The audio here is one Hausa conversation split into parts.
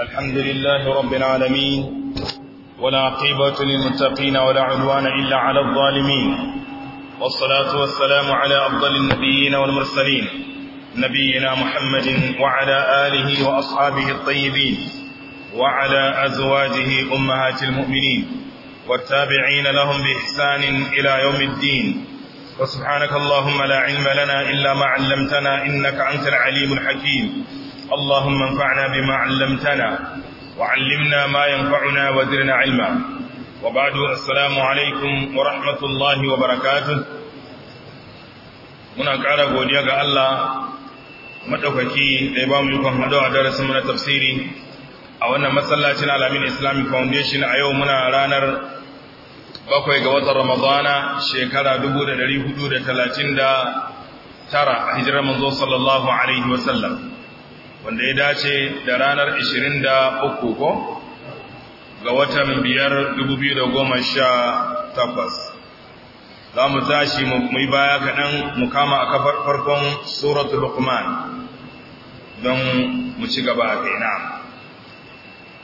الحمد لله رب العالمين ولا عقيبة للمتقين ولا عدوان إلا على الظالمين والصلاة والسلام على أفضل النبيين والمرسلين نبينا محمد وعلى آله وأصحابه الطيبين وعلى أزواجه أمهات المؤمنين والتابعين لهم بإحسان إلى يوم الدين وسبحانك اللهم لا علم لنا إلا ما علمتنا إنك أنت العليم الحكيم اللهم انفعنا بما علمتنا وعلمنا ما ينفعنا وزرنا علما وبعد السلام عليكم ورحمة الله وبركاته muna ƙara godiya ga Allah maɗaukaki da ya ba mu yukon haɗo a darasinmu na tafsiri a wannan matsalacin alamin islamic foundation a yau muna ranar bakwai ga watan ramadana shekara 439 a hijirar manzo sallallahu alaihi wasallam wanda ya dace da ranar 23 ko ga watan biyar 2018 za mu tashi mu yi baya kaɗan mu kama a kafar farkon suratul lukman don mu ci gaba a kai na'am.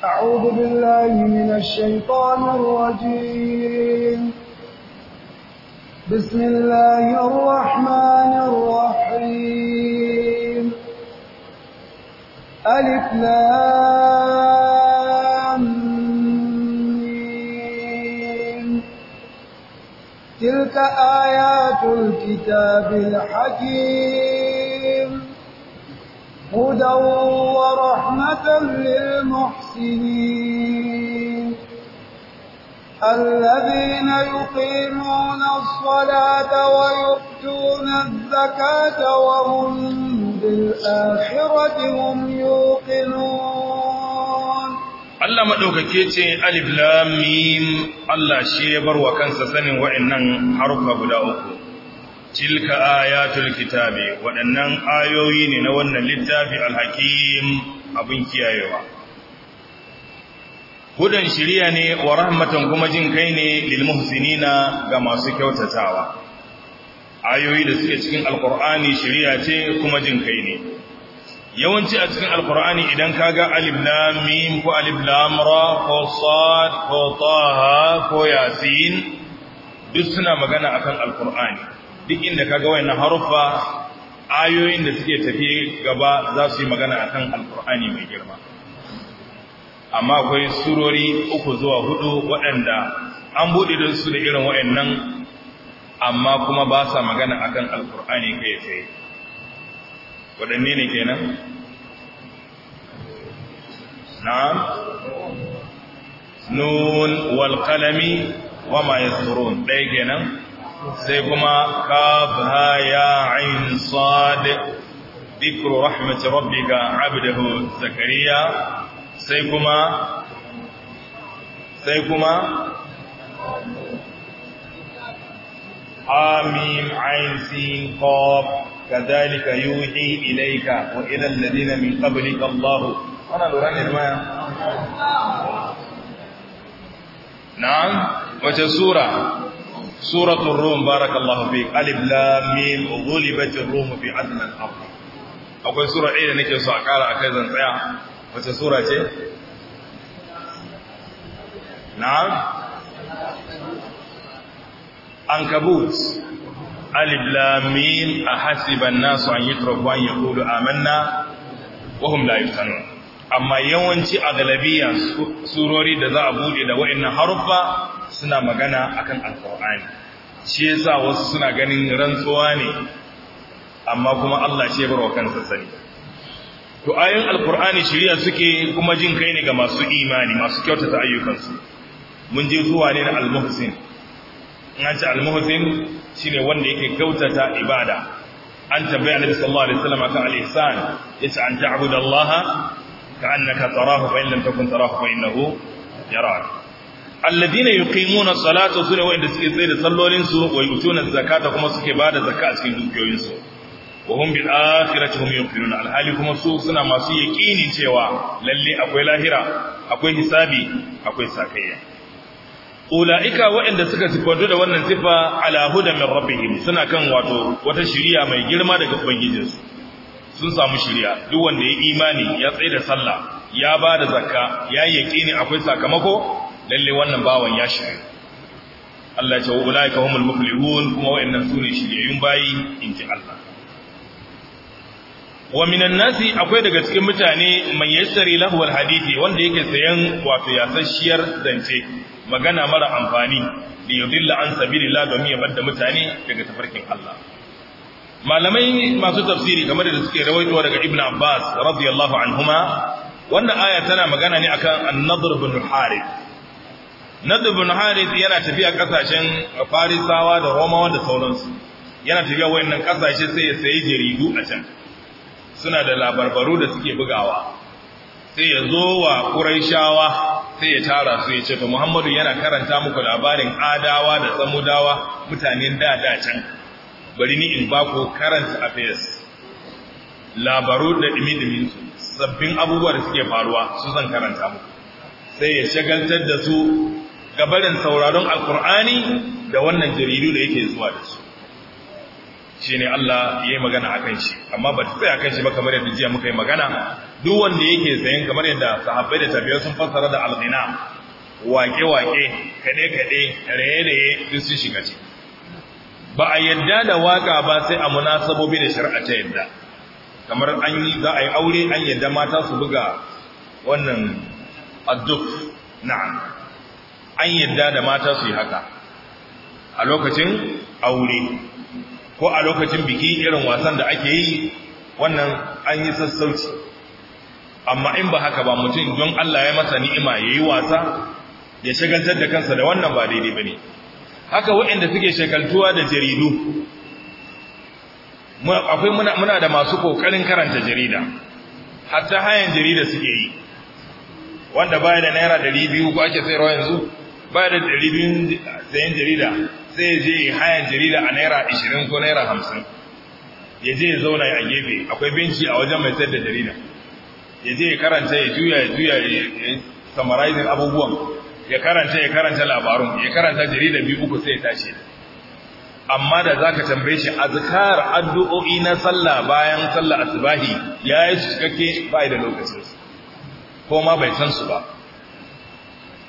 أعوذ بالله من الشيطان الرجيم بسم الله الرحمن الرحيم ألف لامين تلك آيات الكتاب الحكيم هدى ورحمة للمحسنين الذين يقيمون الصلاة ويؤتون الزكاة وهم بالآخرة هم يوقنون الله مدوكake ce alif lam mim Allah shi ya barwa kansa sanin wa'annan harufa guda uku tilka ayatul kitabi waɗannan ayoyi ne na wannan littafi alhakim abin kiyayewa hudan shiriya ne wa rahmatan kuma jin kai ne lil muhsinina ga masu kyautatawa ayoyi da suke cikin alqur'ani shiriya ce kuma jin kai ne yawanci a cikin alqur'ani idan kaga alif lam mim ko alif lam ra ko sad ko taha ko yasin duk suna magana akan alqur'ani duk inda kaga wayannan harufa ayoyin da suke tafi gaba za su yi magana akan alkur'ani mai girma amma akwai surori uku zuwa hudu waɗanda an buɗe su da irin wayannan amma kuma ba sa magana akan alkur'ani kai tsaye waɗanne ne kenan Na? nun wal qalami wama ɗaya kenan sai kuma kafa ya ainihin sadi dikuru rahimci rabbi ga abdahu zakariya sai kuma sai kuma amin ainihin kof kazalika yuhi ilaika wa idan ladina min qablika Allah ana lura ne ma na'am wace sura سورة الروم بارك الله فيك ألف لام ميم غلبت الروم في عدن الأرض أقول سورة عيدة نكي وصع قال أكذا نطيع وسورة نعم أنكبوت ألف لام ميم أحسب الناس أن يتركوا أن يقولوا آمنا وهم لا يفتنون amma yawanci a galabiya surori da za a bude da wa'annan haruffa suna magana akan alqur'ani shi yasa wasu suna ganin rantsuwa ne amma kuma Allah shi ya barwa kansa sani to ayoyin shiriya suke kuma jin kai ne ga masu imani masu kyautata ayyukansu mun je zuwa ne na almuhsin in an ce almuhsin shine wanda yake kyautata ibada an tambaya annabi sallallahu alaihi wasallam akan al-ihsan yace an ta'budu كأنك تراه فإن لم تكن تراه فإنه يراك الذين يقيمون الصلاة سنة وإن سكي سيد صلولين سوء ويؤتون الزكاة كما سكي بعد زكاة سكي دوكيوين سوء وهم بالآخرة هم يوقنون الحالي كما سوء سنة ما سوء يكيني تيوا للي أقوي لاهرة أقوي حسابي أقوي ساكية ula'ika waɗanda suka sifantu da wannan sifa ala huda min rabbihim suna kan wato wata shiriya mai girma daga ubangijinsu sun samu shirya duk wanda ya imani ya tsaye da sallah ya ba da zakka ya yi ne akwai sakamako lalle wannan bawan ya shirya Allah ce wa ulaika humul muflihun kuma wayannan sune shiryayyun bayi inji Allah wa minan nasi akwai daga cikin mutane man yassari lahu hadithi wanda yake sayan wato yasasshiyar zance magana mara amfani li yudilla an sabilillah domin ya bar da mutane daga tafarkin Allah malamai masu tafsiri kamar da suke rawaitowa daga ibn abbas radiyallahu anhuma wannan aya tana magana ne akan an-nadr bin harith nadr bin harith yana tafiya kasashen farisawa da romawa da sauransu yana tafiya wayannan kasashe sai ya sayi jaridu a can suna da labarbaru da suke bugawa sai ya zo wa quraishawa sai ya tara su ya ce muhammadu yana karanta muku labarin adawa da samudawa mutanen da da can bari ni in ba ku current affairs labaru da dimi dimi sabbin abubuwa da suke faruwa su zan karanta mu sai ya shagaltar da su gabarin sauraron alkur'ani da wannan jaridu da yake zuwa da su shi ne Allah ya yi magana a kan shi amma ba tsaye a kan shi ba kamar yadda jiya muka yi magana duk wanda yake sayan kamar yadda sahabbai da tabiya sun fassara da alghina wake-wake kaɗe-kaɗe raye-raye duk sun shiga ciki ba a yadda da waka ba sai a munasabobi da shari'a ta yadda kamar an yi za a yi aure an yadda mata su buga wannan adduf na'am an yadda da mata su yi haka a lokacin aure ko a lokacin biki irin wasan da ake yi wannan an yi sassauci amma in ba haka ba mutum don Allah ya masa ni'ima ya yi wasa ya shagaltar da kansa da wannan ba daidai ba haka waɗanda suke shekaltuwa da jaridu akwai muna da masu kokarin karanta jarida hatta hayan jarida suke yi wanda baya da naira biyu ko ake sayarwa yanzu baya da biyu sayan jarida sai je hayan jarida a naira ashirin ko naira hamsin. ya je ya zauna a gefe akwai binciki a wajen mai sayar da jarida ya je ya karanta ya juya ya juya ya abubuwan ya karanta ya karanta labarun ya karanta jarida biyu uku sai ya tashi amma da zaka tambaye shi azkar addu'o'i na sallah bayan sallah asbahi yayi su cikakke bai da lokacin su ko ma bai san su ba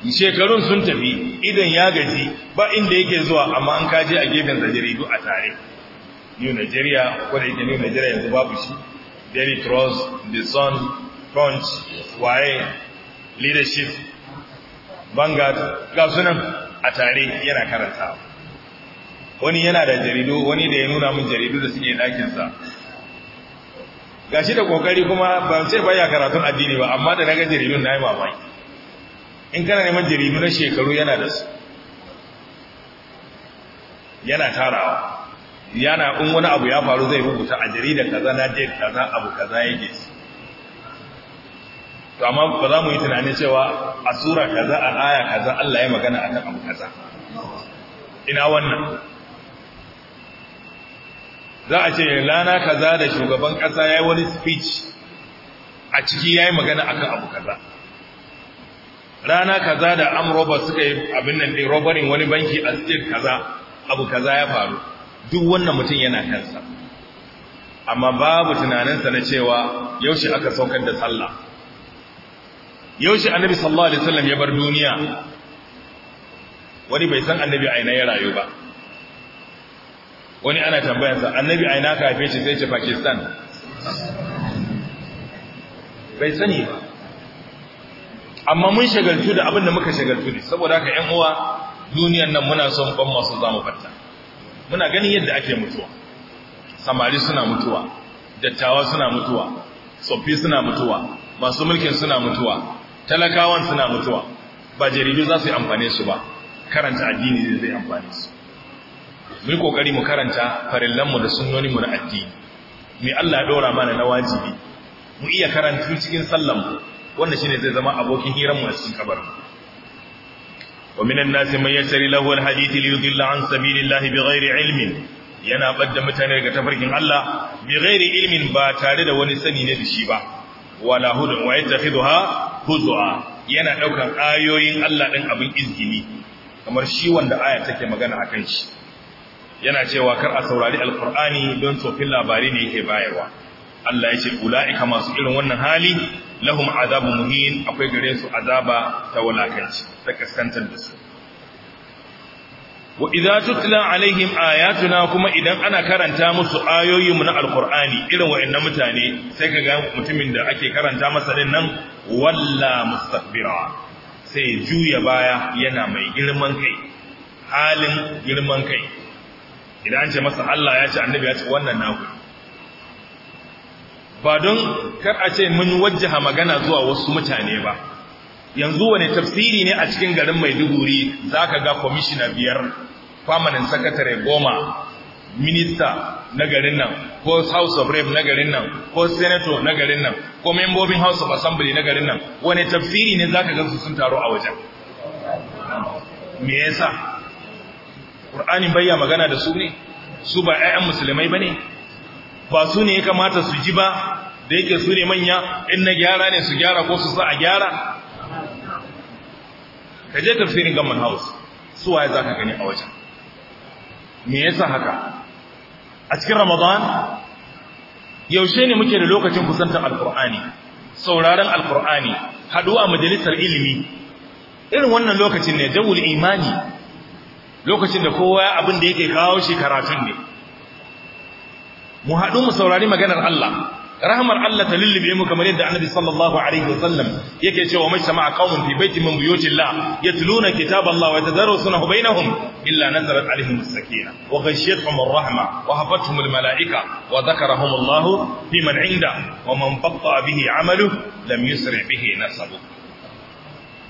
shekarun sun tafi idan ya gaji ba inda yake zuwa amma an kaje a gefen jaridu a tare New Nigeria ko da yake New Nigeria yanzu babu shi Daily Trust The Sun Punch waye leadership banga ga sunan a tare yana karanta, wani yana da jaridu wani da ya nuna mun jaridu da suke ɗakinsa gashi da kokari kuma ba sai baya karatun addini ba amma da naga jaridun yi mamaki in kana neman jaridu na shekaru yana da su yana tarawa yana in wani abu ya faru zai rubuta a jaridar kaza na date kaza abu kaza yake su to amma ba za mu yi tunanin cewa a sura kaza a aya kaza Allah ya magana akan abu kaza ina wannan za a ce lana kaza da shugaban kasa yayi wani speech a ciki yayi magana akan abu kaza rana kaza da amroba suka yi abin nan din robarin wani banki a state kaza abu kaza ya faru duk wannan mutum yana kansa amma babu tunaninsa na cewa yaushe aka saukar da sallah yaushe annabi sallallahu alaihi wasallam ya bar duniya wani bai san annabi aina ya rayu ba wani ana sa annabi aina ka haife shi sai ce Pakistan bai sani ba amma mun shagaltu da abin da muka shagaltu ne saboda haka ƴan uwa duniyan nan muna son ban masu zamu fatta muna ganin yadda ake mutuwa samari suna mutuwa dattawa suna mutuwa tsoffi suna mutuwa masu mulkin suna mutuwa talakawan suna mutuwa ba jaridu za su yi amfane su ba karanta addini zai amfane su mu kokari mu karanta farillanmu da sunnoninmu na addini mai Allah ɗora mana na wajibi mu iya karanta cikin sallanmu wanda shine zai zama abokin hiranmu a cikin kabar wa minan nasi man yashtari lahu alhadith li yudilla an sabilillahi bighairi ilmin yana badda mutane daga tafarkin Allah bighairi ilmin ba tare da wani sani ne da shi ba wala hudun wa yattakhidha huzwa yana daukan ayoyin Allah din abin izgini kamar shi wanda aya take magana akan shi yana cewa kar a saurari alqur'ani don tsofin labari ne yake bayarwa Allah ya ce ula'ika masu irin wannan hali lahum azabu muhin akwai gare su azaba ta walakanci ta kaskantar da su wa idza tutla alaihim ayatuna kuma idan ana karanta musu ayoyinmu na alqur'ani irin wayannan mutane sai kaga mutumin da ake karanta masa din nan walla mustakbira sai juya baya yana mai girman kai halin girman kai idan an ce masa Allah ya ce annabi ya ce wannan naku ba don kar a ce mun wajjaha magana zuwa wasu mutane ba yanzu wane tafsiri ne a cikin garin Maiduguri zaka ga kwamishina biyar permanent secretary goma minista na garin nan ko house of rep na garin nan ko senator na garin nan ko membobin house of assembly na garin nan wani tafsiri ne zaka ga su sun taro a wajen me yasa qur'ani bayya magana da su ne su ba ƴaƴan musulmai bane ba su ne ya kamata su ji ba da yake su ne manya in na gyara ne su gyara ko su sa a gyara kaje tafsirin gamman house su waye zaka gani a wajen me yasa haka a cikin ramadan yaushe ne muke da lokacin kusantar alkur'ani sauraron alkur'ani haduwa majalisar ilimi irin wannan lokacin ne jawul imani lokacin da kowa abin da yake kawo shi karatun ne mu haɗu mu saurari maganar Allah rahmar Allah ta lullube mu kamar yadda Annabi sallallahu alaihi wasallam yake cewa mai sama'a qaumun fi baitin min buyutillah yatluna kitaballahi wa yatadarrusuna bainahum illa nazalat alaihim as-sakina wa ghashiyatuhum ar-rahma wa hafathum al-mala'ika wa dhakarahum Allah fi man 'inda wa man fatta bihi 'amaluhu lam yusri bihi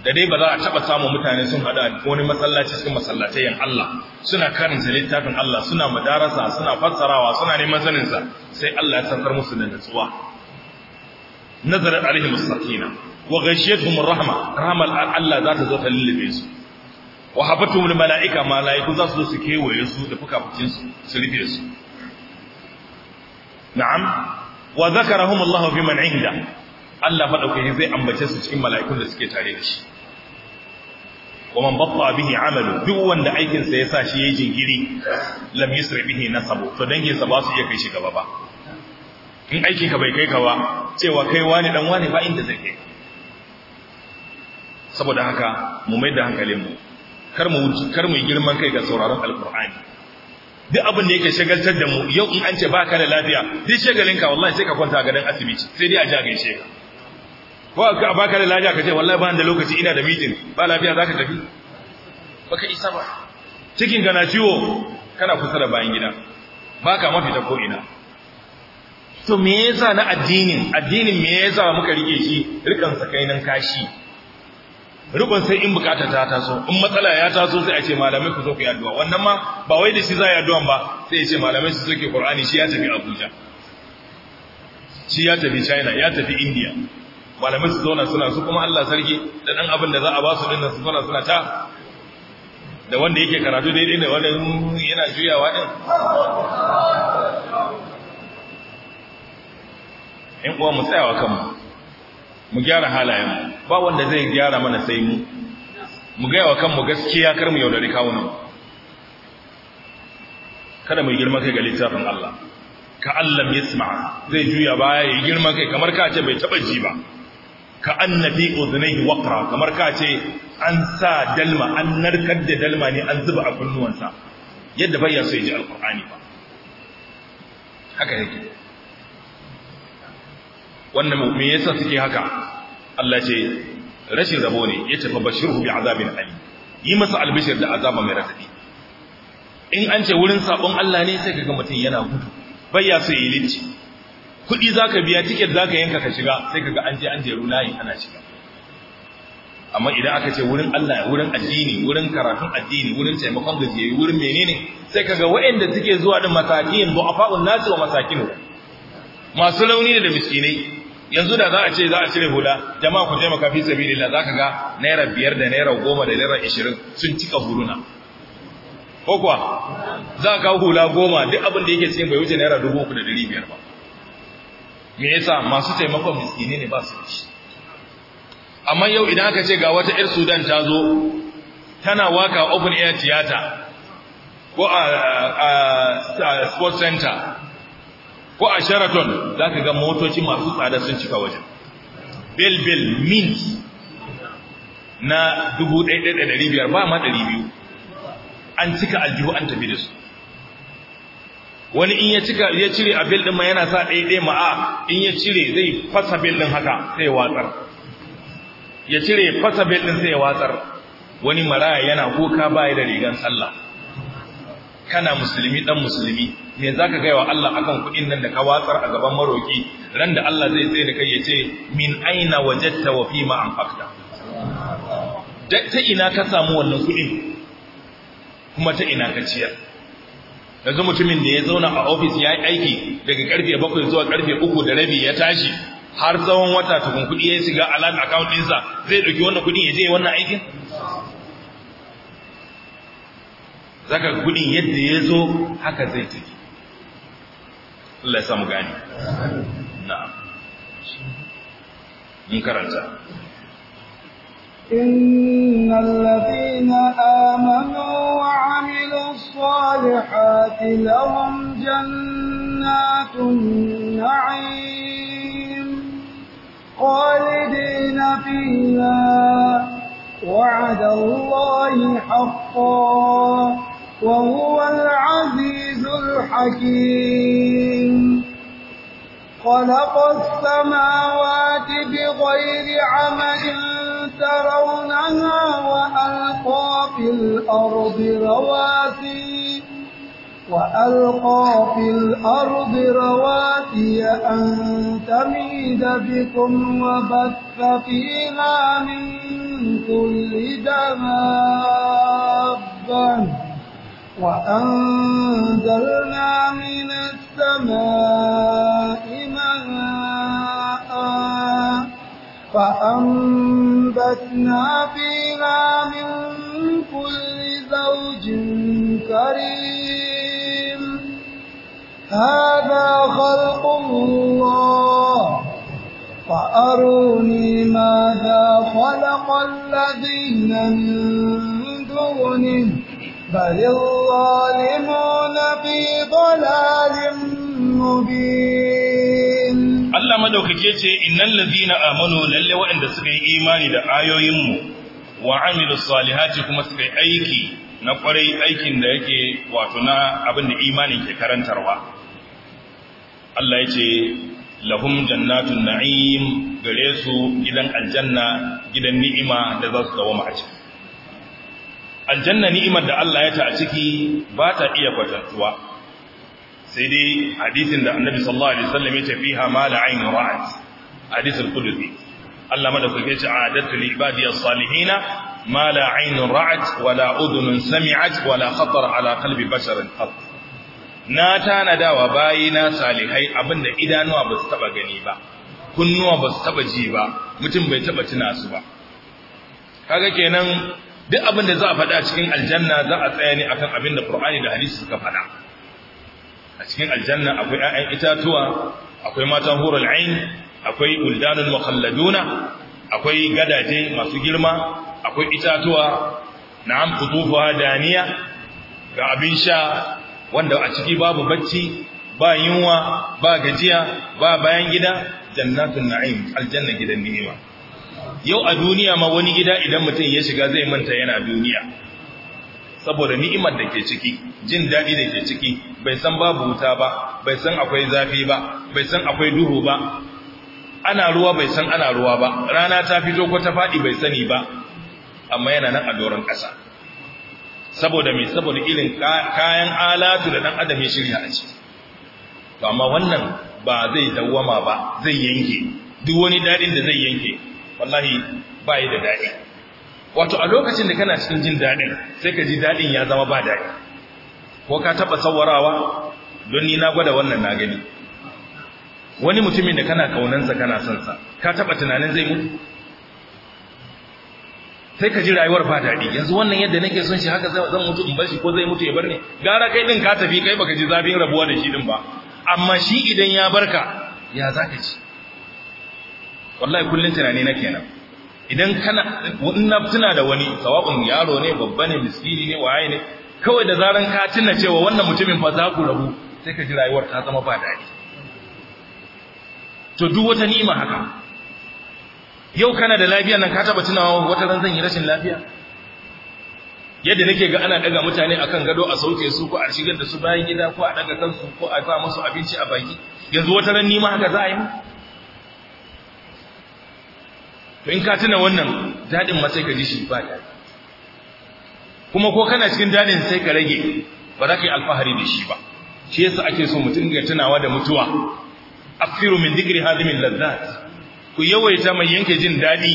da dai ba za a taɓa samu mutane sun hada wani masallaci cikin masallatayen Allah suna karanta littafin Allah suna madarasa suna fassarawa suna neman sanin sa sai Allah ya sanar musu da nutsuwa Nazari alaihim sakina wa ghashiyatuhum rahma rahmal Allah za ta zo ta lullube su wa habatuhum al-mala'ika mala'iku za su zo su kewaye su da fukafukin su su rufe su na'am wa zakarahum Allah fi man 'inda Allah madaukaki zai ambace su cikin mala'ikun da suke tare da shi wa man batta bihi amalu duk wanda aikinsa ya sa shi ya yayi jingiri lam yusri bihi nasabu to danginsa ba su iya kai shi gaba ba in aiki ka bai kai ka ba cewa kai wani dan wani ba inda zai kai saboda haka mu mai da hankalin mu kar mu kar mu girman kai ga sauraron alqur'ani duk abin da yake shagaltar da mu yau in an ce baka da lafiya duk shagalinka wallahi sai ka kwanta a garin asibiti sai dai a ja gaishe ka ko a baka da lafiya ka ce wallahi ba da lokaci ina da meeting ba lafiya zaka tafi baka isa ba cikin ka na ciwo kana kusa da bayan gida baka mafita ko ina to me yasa na addinin addinin me yasa muka rike shi rikan nan kashi Rikon sai in bukata ta taso in matsala ya taso sai a ce malamai ku zo ku yi addu'a wannan ma ba wai da shi za a yi ba sai ya ce malamai su soke qur'ani shi ya tafi abuja shi ya tafi china ya tafi india malamai su zauna suna su kuma Allah sarki da dan abin da za a ba su din su zauna suna ta da wanda yake karatu daidai da wanda yana juyawa din in uwa mu tsayawa kanmu mu gyara halayen ba wanda zai gyara mana sai mu mu gaya wa kanmu gaskiya kar mu yaudari nan. kada mu girma kai ga littafin Allah ka Allah ya zai juya baya ya girma kai kamar ka ce bai taba ji ba ka annabi udhnayhi waqra kamar ka ce an sa dalma an narkar da dalma ne an zuba a kunnuwansa yadda bayya sai ji alqur'ani ba haka yake wannan me yasa suke haka Allah ce rashin rabo ne ya tafi bashirhu bi azabin ali yi masa albishir da azaba mai radadi in an ce wurin sabon Allah ne sai kaga mutum yana gudu bayya sai yi litti kuɗi za ka biya tiket za ka yanka ka shiga sai ka ga an je an jeru layi ana shiga amma idan aka ce wurin Allah wurin addini wurin karatun addini wurin taimakon gajiyayyu wurin menene sai ka ga waɗanda suke zuwa din masakin du'afa'un nasu wa masakinu masu launi da miskinai yanzu da za a ce za a cire hula jama'a ku taimaka fi sabilillah zaka ga naira biyar da naira goma da naira ishirin sun cika huluna ko kuwa za ka hula goma duk abin da yake cikin bai wuce naira dubu uku da dari biyar ba me yasa masu taimakon miskini ne ba su da shi amma yau idan aka ce ga wata 'yar sudan ta zo tana waka open air theater ko a sports center ko a sheraton za ka ga motoci masu tsada sun cika wajen bel-bel mint na 1,500 ba ma 200 an cika aljihu an tafi da su wani in ya cika ya cire a bil ma yana sa ɗaya ɗaya ma'a in ya cire zai fasa bil din haka sai watsar ya cire fasa bil sai watsar wani maraya yana kuka baya da rigan sallah kana musulmi dan musulmi me zaka ga wa Allah akan kuɗin nan da ka watsar a gaban maroki ran da Allah zai tsaye da kai ya ce min aina wajadta wa fima anfaqta ta ina ka samu wannan kuɗin kuma ta ina ka ciyar yanzu mutumin da ya zauna a ofis ya yi aiki daga karfe bakwai zuwa karfe uku da rabi ya tashi har tsawon wata tukun kuɗi ya shiga alat account ɗinsa zai ɗauki wannan kuɗin ya je wannan aikin zaka kuɗin yadda ya zo haka zai tafi Allah ya samu gani na'am in karanta إن الذين آمنوا الصالحات لهم جنات النعيم خالدين فيها وعد الله حقا وهو العزيز الحكيم خلق السماوات بغير عمل ترونها وألقى في الأرض رواسي وألقى في الأرض رواسي أن تميد بكم وبث فيها من كل دابة وأنزلنا من السماء ماء فأنبتنا فيها من كل زوج كريم هذا خلق الله فأروني ماذا خلق الذين من دونه بل الظالمون في ضلال مبين الله مدوكake ce innal ladina amanu lalle waɗanda suka yi imani da ayoyinmu wa amilus salihati kuma suka aiki na kwarai aikin da yake wato na abinda da imanin ke karantarwa Allah yace lahum jannatun na'im gare su gidan aljanna gidan ni'ima da za su dawo a aljanna ni'imar da Allah ya ta a ciki ba ta iya kwatantuwa sai dai hadisin da annabi sallallahu alaihi wasallam ya tafi ha ma la ayn ra'at hadisul qudsi Allah madaukake ce a'adatu li ibadi as-salihina ma la ayn ra'at wa la udhun sami'at wa la khatar ala qalbi basharin qat na tanadawa bayina salihai abinda idanuwa ba su taba gani ba kunnuwa ba su taba ji ba mutum bai taba tuna su ba kaga kenan duk abin da za a faɗa cikin aljanna za a tsaya ne akan abin da Qur'ani da hadisi suka faɗa a cikin aljanna akwai 'ya'yan itatuwa akwai matan hurul ain akwai buldanun mukhalladuna akwai gadaje masu girma akwai itatuwa na'am qutufuha daniya ga abin sha wanda a ciki babu bacci ba yunwa ba gajiya ba bayan gida jannatun na'im aljanna gidan ni'ima yau a duniya ma wani gida idan mutum ya shiga zai manta yana duniya saboda ni'imar da ke ciki jin daɗi da ke ciki bai san babu wuta ba bai san akwai zafi ba bai san akwai duhu ba ana ruwa bai san ana ruwa ba rana ta fito ko ta faɗi bai sani ba amma yana nan a doron ƙasa saboda mai saboda irin kayan alatu da ɗan adam ya shirya a ciki to amma wannan ba zai dawwama ba zai yanke duk wani daɗin da zai yanke wallahi ba yi da daɗi wato a lokacin da kana cikin jin daɗin sai ka ji daɗin ya zama ba daɗi ko ka taɓa sawarawa don ni na gwada wannan na gani wani mutumin da kana kaunansa kana son sa ka taɓa tunanin zai mutu sai ka ji rayuwar ba daɗi yanzu wannan yadda nake son shi haka zan mutu in bar ko zai mutu ya bar ni gara kai din ka tafi kai baka ji zafin rabuwa da shi din ba amma shi idan ya barka ya zaka ji wallahi kullun tunani na kenan idan kana in na tuna da wani sawabin yaro ne babba ne miskini ne waye ne kawai da zaran ka tuna cewa wannan mutumin fa za ku rabu sai ka ji rayuwar ta zama ba dadi to duk wata ni'ima haka yau kana da lafiya nan ka taba tunawa wata ran zan yi rashin lafiya yadda nake ga ana daga mutane akan gado a sauke su ko a shigar da su bayan gida ko a daga kansu ko a ba musu abinci a baki yanzu wata ran nima haka za a yi to in ka tuna wannan dadin ma sai ka ji shi ba daɗi. kuma ko kana cikin daɗin sai ka rage ba za ka yi alfahari da shi ba shi yasa ake so mutum ya tunawa da mutuwa Afiru min dhikri hadimin lazzat ku yawaita mai yanke jin daɗi?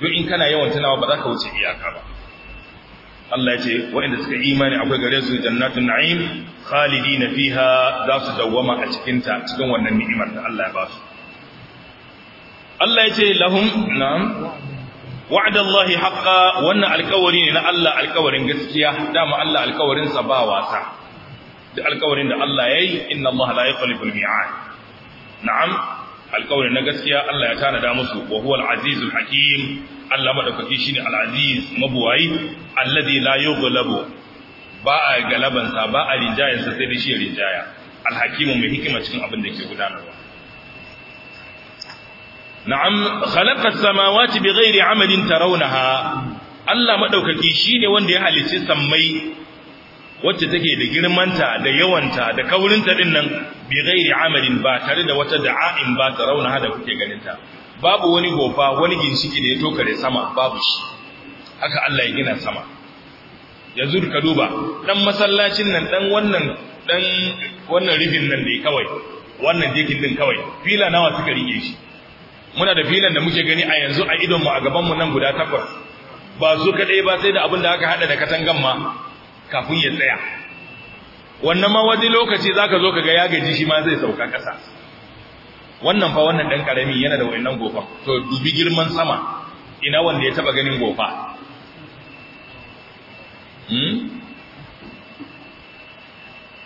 don in kana yawan tunawa ba za ka wuce iyaka ba Allah ya ce waɗanda suka yi imani akwai gare su jannatun na'im khalidina fiha za su dawwama a cikin ta cikin wannan ni'imar da Allah ya ba su Allah ya ce lahum na'am wa'dallahi haqqa wannan alƙawari ne na Allah alƙawarin gaskiya dama Allah alƙawarin sa ba wasa da alƙawarin da Allah yayi inna Allah ya yukhlifu al na'am alƙawarin na gaskiya Allah ya tanada musu wa huwa al hakim Allah madaukaki shine ne aziz mabuwayi alladhi la yughlabu ba a galabansa ba a rinjayensa sai da shi rinjaya alhakimu mai hikima cikin abin da ke gudanarwa na'am khalaqas samawati bighairi amalin raunaha, Allah shi shine wanda ya halice sammai wacce take da girmanta da yawanta da kaurinta din nan bighairi amalin ba tare da wata da'a'in ba tarawunaha da kuke ganinta babu wani gofa wani ginshiki da ya tokare sama babu shi haka Allah ya gina sama yanzu ka duba dan masallacin nan dan wannan dan wannan rifin nan da kawai wannan jikin din kawai fila nawa suka rike shi muna da filan da muke gani a yanzu a idon mu a gabanmu mu nan guda takwas ba su kadai ba sai da abin da aka hada da katangan ma kafin ya tsaya wannan ma wani lokaci zaka zo ka ga ya gaji shi ma zai sauka kasa wannan fa wannan dan karami yana da wayannan gofa to dubi girman sama ina wanda ya taba ganin gofa hmm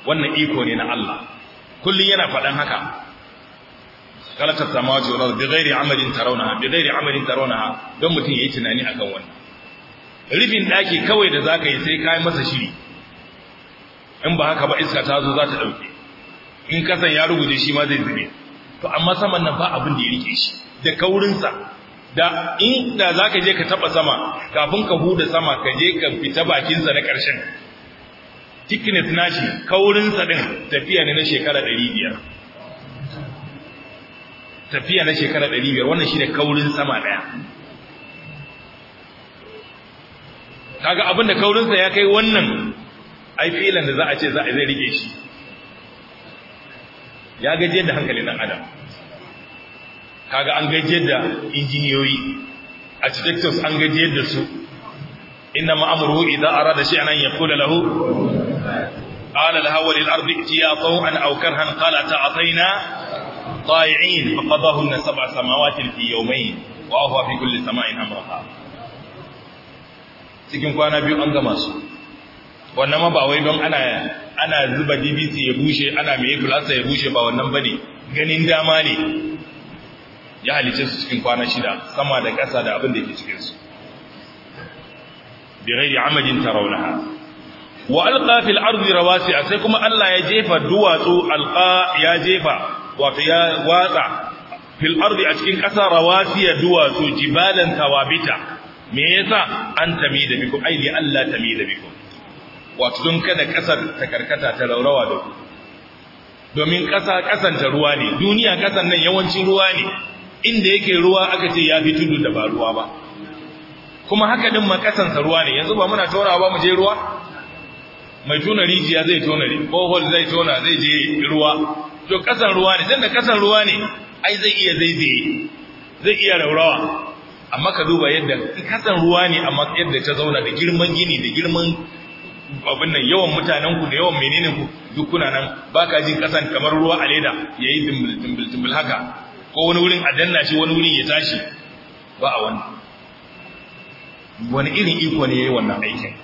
wannan iko ne na Allah Kullum yana faɗan haka khalaqa samawati wal ardi bighairi amalin tarawnaha bighairi amalin tarawnaha don mutum yayi tunani akan wani. rufin daki kawai da zaka yi sai kai masa shiri in ba haka ba iska ta zo za ta dauke in kasan ya rubuta shi ma zai zube to amma saman nan ba abin da ya rike shi da kaurinsa da in da zaka je ka taba sama kafin ka huda sama ka je ka fita bakin sa na ƙarshen. thickness nashi kaurinsa din tafiya ne na shekara biyar. tafiya na shekara 500 wannan shine kaurin sama ɗaya. kaga abin da kaurin sa ya kai wannan ai filan da za a ce za a rike shi ya gaje da hankalin dan adam kaga an gaje da injiniyoyi architects an gaje da su inna ma'amruhu idza arada shay'an an yaqula lahu قال لها وللأرض ائتيا طوعا أو كرها قالت أعطينا طائعين فقضاهن سبع سماوات في يومين وأهوى في كل سماء أمرها cikin kwana biyu an gama su wannan ma ba wai don ana ana zuba dbc ya bushe ana mai plaster ya bushe ba wannan ba ne, ganin dama ne ya halice su cikin kwana shida sama da ƙasa da abin da yake cikin su bi ghairi amadin tarawnaha wa alqa fil ardi rawasi sai kuma Allah ya jefa duwatsu alqa ya jefa wato ya watsa fil ardi a cikin ƙasa rawasiya duwatsu jibalan tawabita me yasa an tamida biku ai li Allah tamida biku wato don kada ƙasar ta karkata ta laurawa da ku domin ƙasa ƙasanta ruwa ne duniya ƙasan nan yawancin ruwa ne inda yake ruwa aka ce ya fi tudu da ba ruwa ba kuma haka din ma ƙasansa ruwa ne yanzu ba muna tona ba mu je ruwa mai tona rijiya zai tona ne bohol zai tona zai je ruwa to kasan ruwa ne tunda kasan ruwa ne ai zai iya zaizaye zai iya raurawa amma ka duba yadda kasan ruwa ne amma yadda ta zauna da girman gini da girman abin nan yawan mutanen ku da yawan menene ku duk kuna nan baka jin kasan kamar ruwa a leda yayi dimbil dimbil dimbil haka ko wani wurin a danna shi wani wurin ya tashi ba a wani wani irin iko ne yayi wannan aikin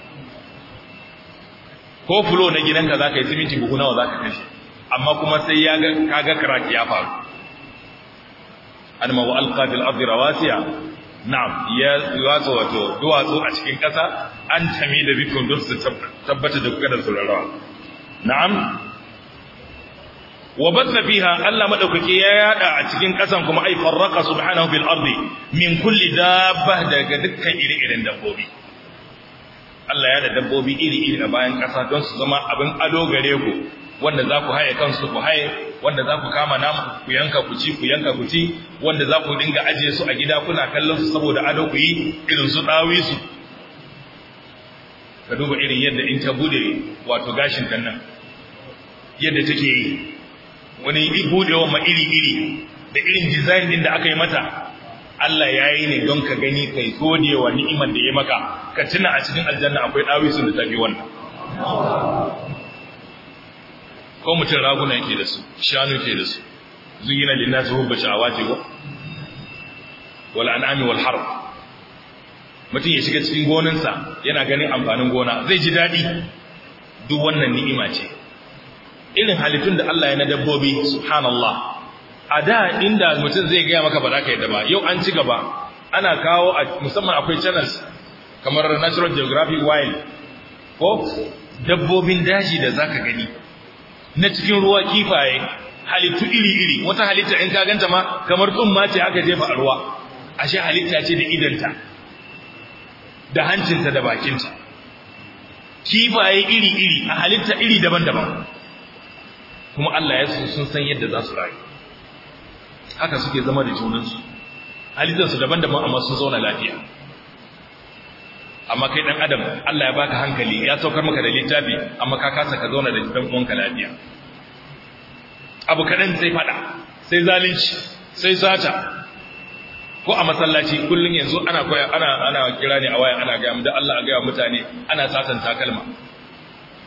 ko fulo na gidanka zaka yi siminti buhu nawa zaka kashe amma kuma sai ya ga kaga karaki ya faru anma wa alqa fil ardi rawasiya na'am ya wato wato duwatsu a cikin kasa an tami da bikin don su tabbata da kuka da surarawa na'am wa batna fiha Allah madaukake ya yada a cikin kasan kuma ai farraqa subhanahu fil ardi min kulli dabba daga dukkan iri iren dabbobi Allah ya da dabbobi iri-iri a bayan kasa don su zama abin ado gare ku wanda za ku haye kansu ku haye wanda za ku kama namu ku yanka ku ci ku yanka ku ci wanda za ku dinga ajiye su a gida kuna kallon su saboda ado ku yi irin su dawi su ka duba irin yadda in ta bude wato gashin ta nan yadda take yi wani yi budewa ma iri iri da irin design din da aka yi mata Allah ya yi ne don ka gani kai gode wa ni'imar da ya maka ka tuna a cikin aljanna akwai dawisun da tafi wannan ko mutum raguna yake da su shanu ke da su zuyina linnasi hubbu shawati ko. Wala an'ami wal harb mutum ya shiga cikin gonansa yana ganin amfanin gona zai ji daɗi duk wannan ni'ima ce irin halittun da Allah ya na dabbobi subhanallah a da inda mutum zai gaya maka ba za ka yadda ba yau an ci gaba ana kawo musamman akwai channels kamar natural geographic wild ko dabbobin daji da za ka gani na cikin ruwa kifaye halittu iri-iri wata halitta in ka ganta ma kamar tsumma ce aka jefa a ruwa ashe halitta ce da idanta da hancinta da bakinta kifaye iri-iri a halitta iri daban-daban kuma Allah ya su sun san yadda za su rayu haka suke zama da junansu halittarsu daban-daban amma sun zauna lafiya amma kai dan adam Allah ya baka hankali ya saukar maka da littafi amma ka kasa ka zauna da dan uwanka lafiya abu kadan sai fada sai zalunci sai sata ko a masallaci kullun yanzu ana koya ana ana kira ne a waya ana ga mu da Allah a ga mutane ana satan takalma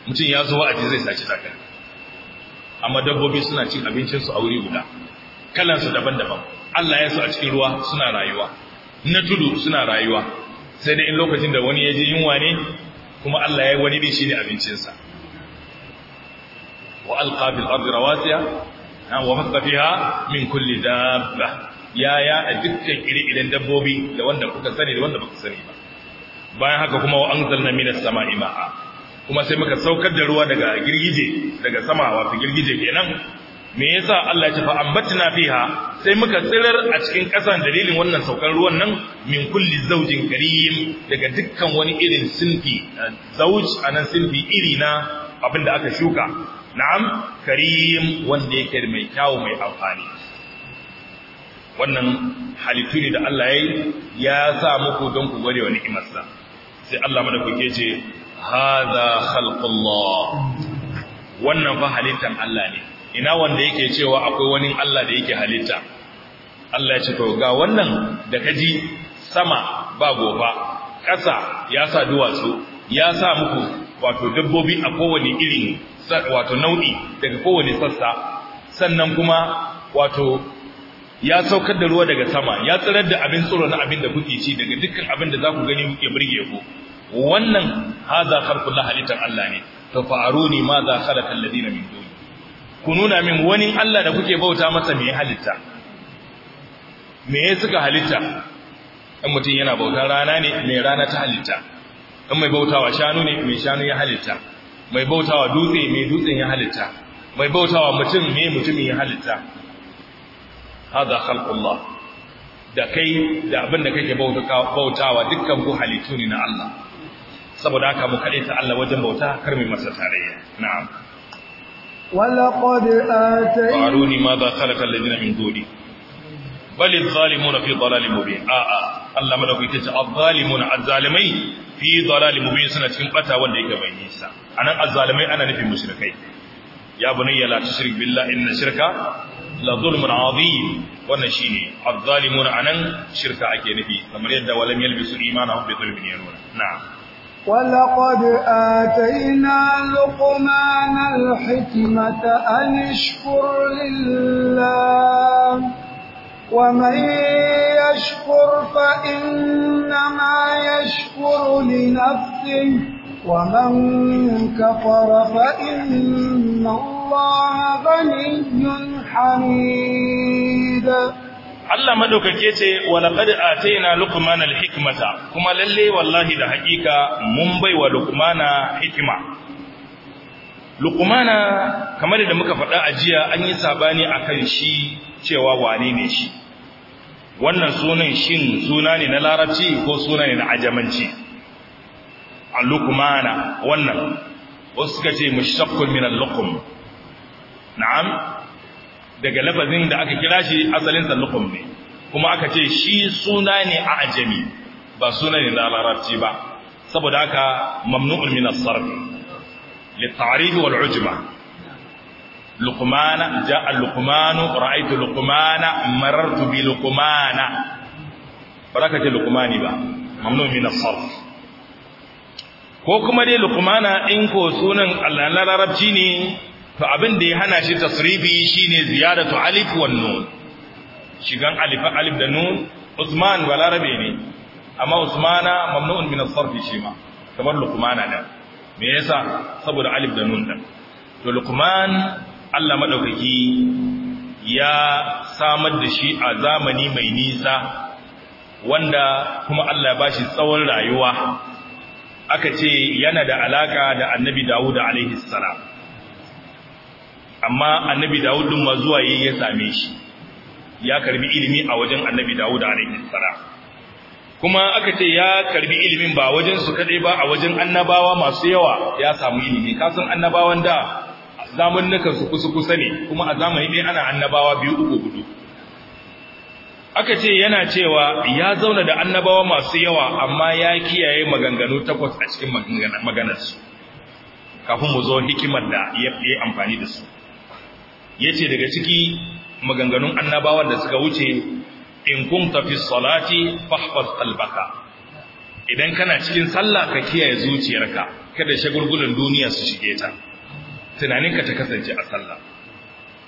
mutum ya zo wa'azi zai saci takalma amma dabbobi suna cin abincinsu a wuri guda kalansu daban-daban Allah ya su a cikin ruwa suna rayuwa na tudu suna rayuwa sai dai in lokacin da wani ya ji yunwa ne kuma Allah ya yi wani din shine abincinsa wa alqa bil ardi rawasiya wa hatta fiha min kulli dabba ya ya a dukkan iri iren dabbobi da wanda kuka sani da wanda ku sani ba bayan haka kuma wa anzalna minas sama'i ma'a kuma sai muka saukar da ruwa daga girgije daga sama wato girgije kenan me yasa Allah ya tafi ambatina fiha sai muka tsirar a cikin ƙasan dalilin wannan saukar ruwan nan min kulli zawjin karim daga dukkan wani irin sinfi eh, zauj anan sinfi iri na abinda aka shuka na'am karim wanda yake mai kyawu mai amfani wannan halittu ne da Allah ya ya sa muku don ku gode wa ni'imarsa sai Allah ke ce hadha khalqullah wannan fa halittan Allah ne ina wanda yake cewa akwai wani Allah da yake halitta Allah ya ce to ga wannan da kaji sama ba gofa ƙasa ya sa duwatsu ya sa muku wato dabbobi a kowane irin wato nau'i daga kowane sassa sannan kuma wato ya saukar da ruwa daga sama ya tsirar da abin tsoro na abin da kuke ci daga dukkan abin da za ku gani ya burge ku wannan haza kharqul halitan Allah ne to fa'aruni ma za khalaqa alladhina min dun ku nuna min wani Allah da kuke bauta masa me halitta me suka halitta in mutum yana bautar rana ne mai rana ta halitta in mai bautawa shanu ne mai shanu ya halitta mai bautawa dutse mai dutsen ya halitta mai bautawa mutum mai mutumin ya halitta hada khalqullah da kai da abin da kake bautawa dukkan ku halittu ne na Allah saboda haka mu kade ta Allah wajen bauta kar mai masa tarayya na'am ولقد آتينا واروني ماذا خلق الذين من دوني بل الظالمون في ضلال مبين آآ آآ Allah ta ce azzalimuna azzalimai fi dalal mubin suna cikin bata wanda yake bai nisa nan azzalimai ana nufin mushrikai ya bunayya la tushrik billahi inna shirka la zulmun azi. wannan shi ne shine azzalimuna anan shirka ake nufi kamar yadda walam yalbisu imanahum bi zulmin wani. Na'a. ولقد آتينا لقمان الحكمة أن اشكر لله ومن يشكر فإنما يشكر لنفسه ومن كفر فإن الله غني حميد Allah madaukake ce walaqad atayna luqman alhikmata kuma lalle wallahi da hakika mun bai wa luqmana hikima luqmana kamar da muka faɗa a jiya an yi sabani akan shi cewa wane ne shi wannan sunan shin suna ne na larabci ko suna ne na ajamanci luqmana wannan wasu suka ce mushtaqqun min al na'am daga lafazin da aka kira shi asalin sa ne kuma aka ce shi suna ne a ajami ba suna ne na larabci ba saboda haka mamnu'un min as-sarf li ta'rif wal ujma luqmana ja'a luqmanu ra'aytu luqmana marartu bi luqmana baraka ce luqmani ba mamnu'un min as-sarf ko kuma dai lukumana in ko sunan Allah na larabci ne to abin da ya hana shi tasrifi shine ziyadatu alif wan nun shigan alif alif da nun Usman balarabe ne amma Usmana mamnu'un min as-sarf shi ma kamar Luqmana da me yasa saboda alif da nun da to Luqman Allah madaukaki ya samar da shi a zamani mai nisa wanda kuma Allah ya bashi tsawon rayuwa aka ce yana da alaka da Annabi Dawud alaihi salam amma annabi Dawud din ma zuwa yayi ya same shi ya karbi ilimi a wajen annabi Dawud alayhi salam kuma aka ce ya karbi ilimin ba wajen su kadai ba a wajen annabawa masu yawa ya samu ilimi kasan annabawan da naka su kusa kusa ne kuma a zamani ɗaya ana annabawa biyu uku hudu aka ce yana cewa ya zauna da annabawa masu yawa amma ya kiyaye maganganu takwas a cikin maganarsu kafin mu zo hikimar da ya amfani da su Ya ce daga ciki maganganun annabawan da suka wuce in kunta fi salati fahfaz albaka idan kana cikin sallah ka kiyaye zuciyarka kada shagulgulan duniya su shige ta tunaninka ta kasance a sallah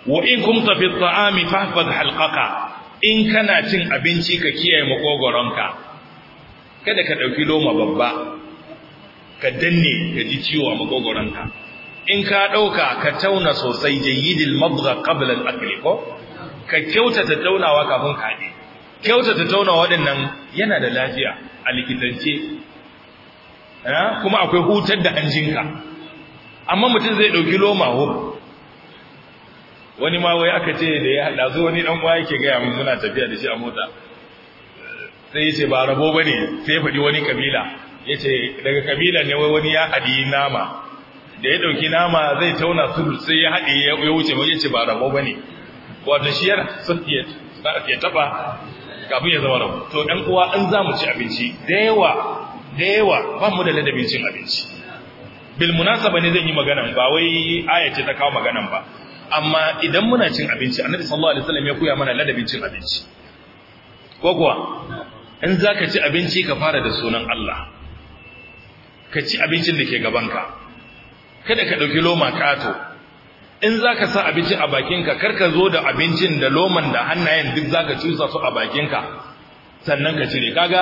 wa in kunta fi ta'ami fahfaz halqaka in kana cin abinci ka kiyaye makogoronka kada ka dauki loma babba ka danne ka ji ciwo a makogoronka in ka ɗauka ka tauna sosai jayyidil mabza qabla al-akli ko ka kyautata taunawa kafin ka kyauta kyautata taunawa waɗannan yana da lafiya a likitance eh? kuma akwai hutar da hanjinka amma mutum zai ɗauki loma ho wani ma aka ce da ya haɗa zo wani ɗan uwa yake gaya mun muna tafiya da shi a mota sai ya ce ba rabo ba ne sai faɗi wani kabila ya ce daga kabila ne wai wani ya haɗi nama da ya dauki nama zai tauna su sai ya haɗe ya wuce mai yace ba rabo bane wato shi yana son ya taba kafin ya zama rabo to ɗan uwa an za mu ci abinci da yawa da yawa ba mu da ladabin cin abinci bil munasaba ne zan yi maganan ba wai aya ce ta kawo maganan ba amma idan muna cin abinci annabi sallallahu alaihi wasallam ya koya mana ladabin cin abinci ko kuwa in zaka ci abinci ka fara da sunan Allah ka ci abincin da ke gabanka kada ka ɗauki loma ƙato in za ka sa abinci a bakinka kar ka zo da abincin da loman da hannayen duk za ka cusa su a bakinka sannan ka cire kaga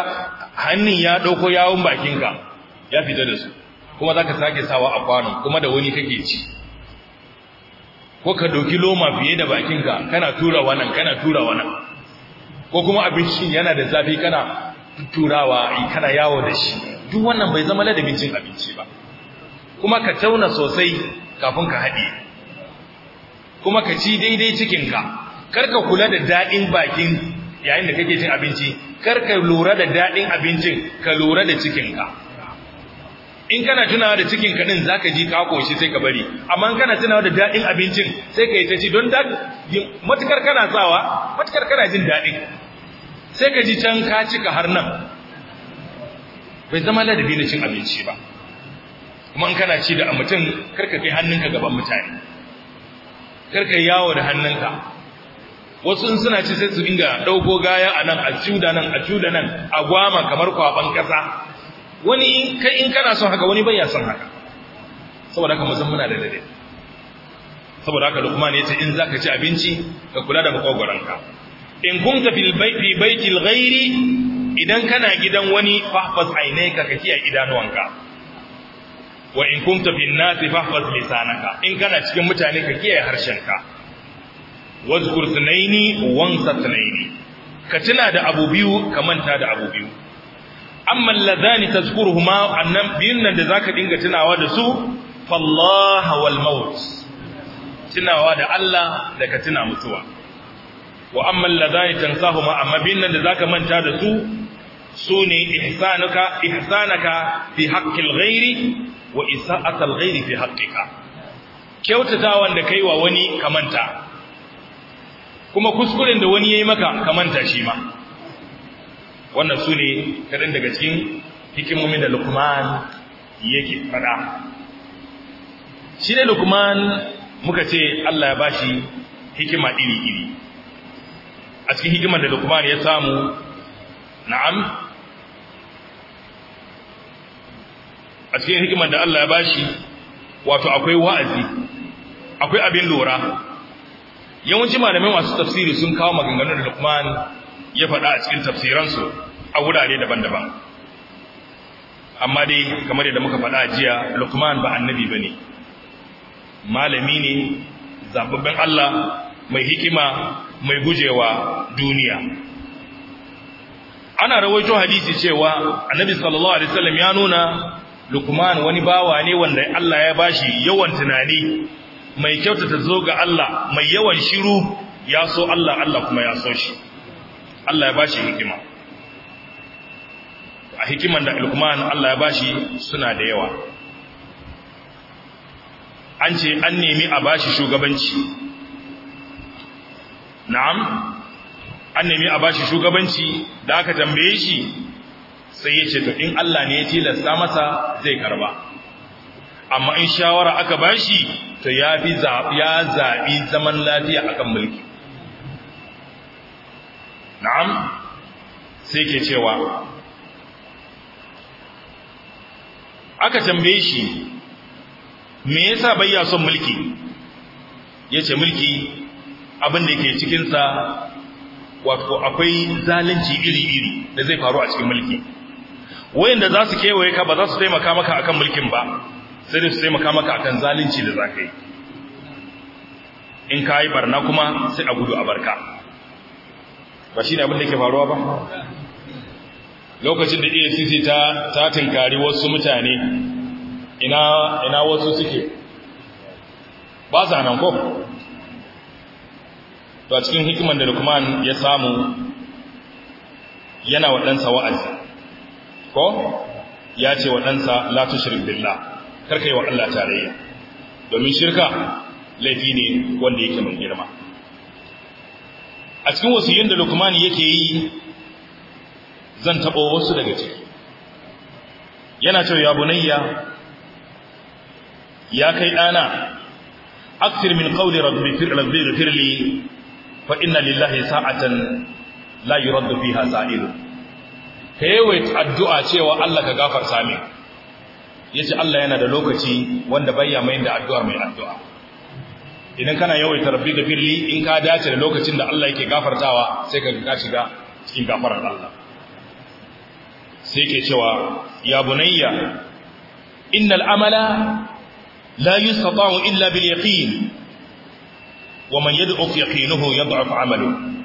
hannun ya ɗauko yawon bakinka ya fita da su kuma za ka sake sawa a kwano, kuma da wani kake ci ko ka ɗauki loma fiye da bakinka kana tura wannan kana tura wannan ko kuma abincin yana da zafi kana turawa kana yawo da shi duk wannan bai zama ladabin cin abinci ba kuma ka tauna sosai kafin ka haɗe kuma ka ci daidai cikinka kar ka kula da daɗin bakin yayin da kake cin abinci kar ka lura da daɗin abincin ka lura da cikinka in kana tunawa da cikinka din zaka ji ka koshi sai ka bari amma in kana tunawa da daɗin abincin sai ka yi ta ci don matukar kana tsawa matukar kana jin daɗin sai ka ji can ka cika har nan bai zama ladabi na cin abinci ba kuma in kana ci da mutum karka kai hannunka gaban mutane karka yawo da hannunka wasu suna ci sai su dinga dauko gaya a nan a ciuda nan a ciuda nan a gwama kamar kwaban kasa wani in kai in kana son haka wani bai ya son haka saboda haka musan muna da dade saboda haka ya yace in zaka ci abinci ka kula da makogoranka in kunta fil baiti baitil ghairi idan kana gidan wani fahfas aineka ka kiyaye idanuwanka wa in kunta fi nasi fahfaz lisanaka in kana cikin mutane ka kiyaye harshenka wazkur sunaini wansa sunaini ka tuna da abu biyu ka manta da abu biyu amma alladhani tazkuruhuma annan biyun nan da zaka dinga tunawa da su fallah wal maut tunawa da Allah da ka tuna mutuwa wa amma alladhani tansahuma amma biyun nan da zaka manta da su sune ihsanuka ihsanaka fi haqqil ghairi wa isa'atal ghairi fi haqqika kyautatawan da kai wa wani kamanta kuma kuskuren da wani ya yi maka kamanta shi ma wannan sune kadan daga cikin hikimomin da Luqman yake fada shi ne lukman muka ce Allah ya bashi hikima iri iri a cikin hikimar da Luqman ya samu na'am a cikin hikimar da Allah ya bashi wato akwai wa'azi akwai abin lura yawanci malamai masu tafsiri sun kawo maganganun da Luqman ya faɗa a cikin tafsiransu a wurare daban-daban amma dai kamar yadda muka faɗa jiya Luqman ba annabi bane malami ne zababben Allah mai hikima mai gujewa duniya ana rawaito hadisi cewa annabi sallallahu alaihi wasallam ya nuna Lukman wani bawa ne wanda Allah ya bashi yawan tunani mai kyautata zo ga Allah mai yawan shiru ya so Allah Allah kuma ya so shi Allah ya bashi hikima a hikiman da Lukman Allah ya bashi suna da yawa an ce an nemi a bashi shugabanci na'am an nemi a bashi shugabanci da aka tambaye shi sai ya ce to in Allah ne ya tilasta masa zai karba amma in shawara aka bashi to ya fi ya zaman lafiya akan mulki na'am sai ke cewa aka tambaye shi me yasa bai ya son mulki yace mulki abin da yake cikin sa wato akwai zalunci iri-iri da zai faru a cikin mulki wayanda za su kewaye ka ba za su taimaka maka akan mulkin ba sai da su taimaka maka akan zalunci da za ka in ka yi barna kuma sai a gudu a barka ba shi ne abin da ke faruwa ba lokacin da efcc ta ta tinkari wasu mutane ina ina wasu suke ba sa nan ko to a cikin hikiman da lukman ya samu yana wa ɗansa wa'azi ko ya ce wa ɗansa la tushrik billah kar kai wa Allah tarayya domin shirka laifi ne wanda yake mai girma a cikin wasiyyun da Luqman yake yi zan tabo wasu daga ciki yana cewa ya bunayya ya kai ɗana akthir min qawli rabbi fir rabbi firli fa inna lillahi sa'atan la yuraddu fiha sa'ilun ka yawaita addu'a cewa Allah ka gafarta min yaci Allah yana da lokaci wanda bayya mai da addu'ar mai addu'a idan kana yawaita rabbi da birni in ka dace da lokacin da Allah yake gafartawa sai ka ka shiga cikin gafarar Allah sai ke cewa ya bunayya innal amala la yustata'u illa bil yaqin wa man yad'u yaqinuhu yad'u amaluhu